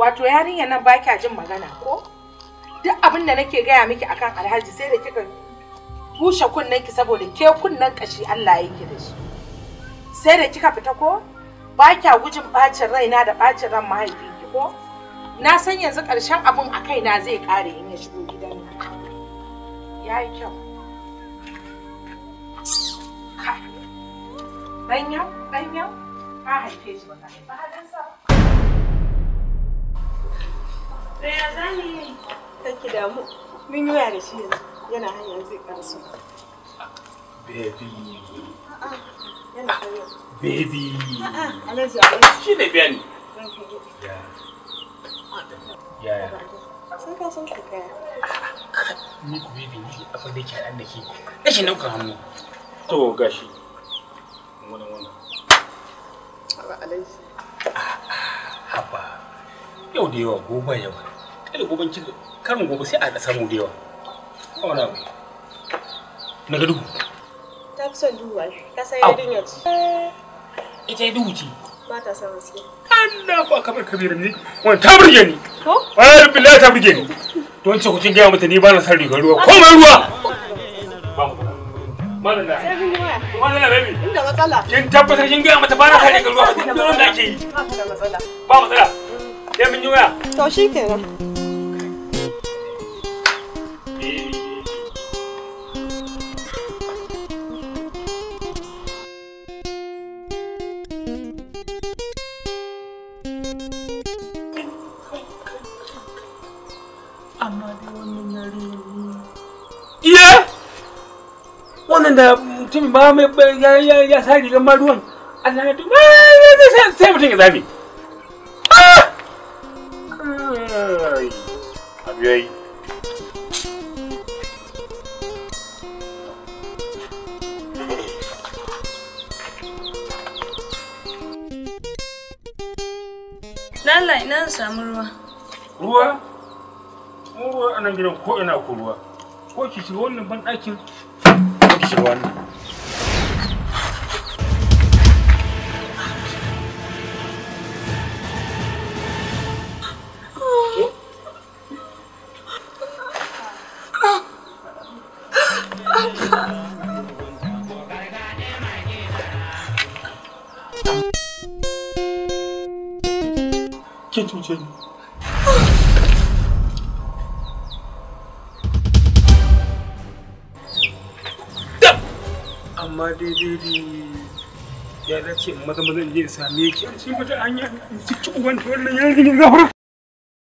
wato yarinyar nan ba kya jin magana ko duk abin da nake gaya miki akan alhaji sai da kika bushe kunnen ki saboda ke kunnen kashi Allah yake da shi sai da kika fita ko ba kya gujin bacin raina da bacin ran mahaifinki ko na san yanzu ƙarshen abun a kaina zai ƙare in ya shigo gidan nan ya yi kyau Danya, danya, ka haife shi ba ka haifa ba ɗaya za mu yi kake damu mun yi waya da shi yanzu yana zai ƙarsu baby yana baby alhaji alhaji shi ne biyan yaya sun ka sun shiga ni ku bibi ni abin da ke nan da ke rashin ɗaukar hannu to gashi wannan wannan Allah alaihi haba yau da yawa gobe yawa kada goben kika karin gobe sai a samu da yawa wala na ga duhu ta fi son duhu ka ita duhu ba ta son haske ni wannan ta burge ni ko ta burge ni don ce kucin gaya mata ni ba na san rigar ruwa ko mai ruwa Kin tabbatar kin gaya mata ba na san rigar ruwa ba da yi. Ba matsala. yi waya. To amma dai wannan yarinyar iya wannan da mutum ba mai ya ya ya sa rigar ma ruwan Allah ya sai ah! ruwa. Ruwa? wannan gidan ko ina ko ruwa ko ki shiga wannan ban ɗakin ko ki shiga wannan Kin cuce ni. amma daidai da ya dace mazamazan maza je in same ki an ce mata an yi cikin uban wannan wannan ne zaura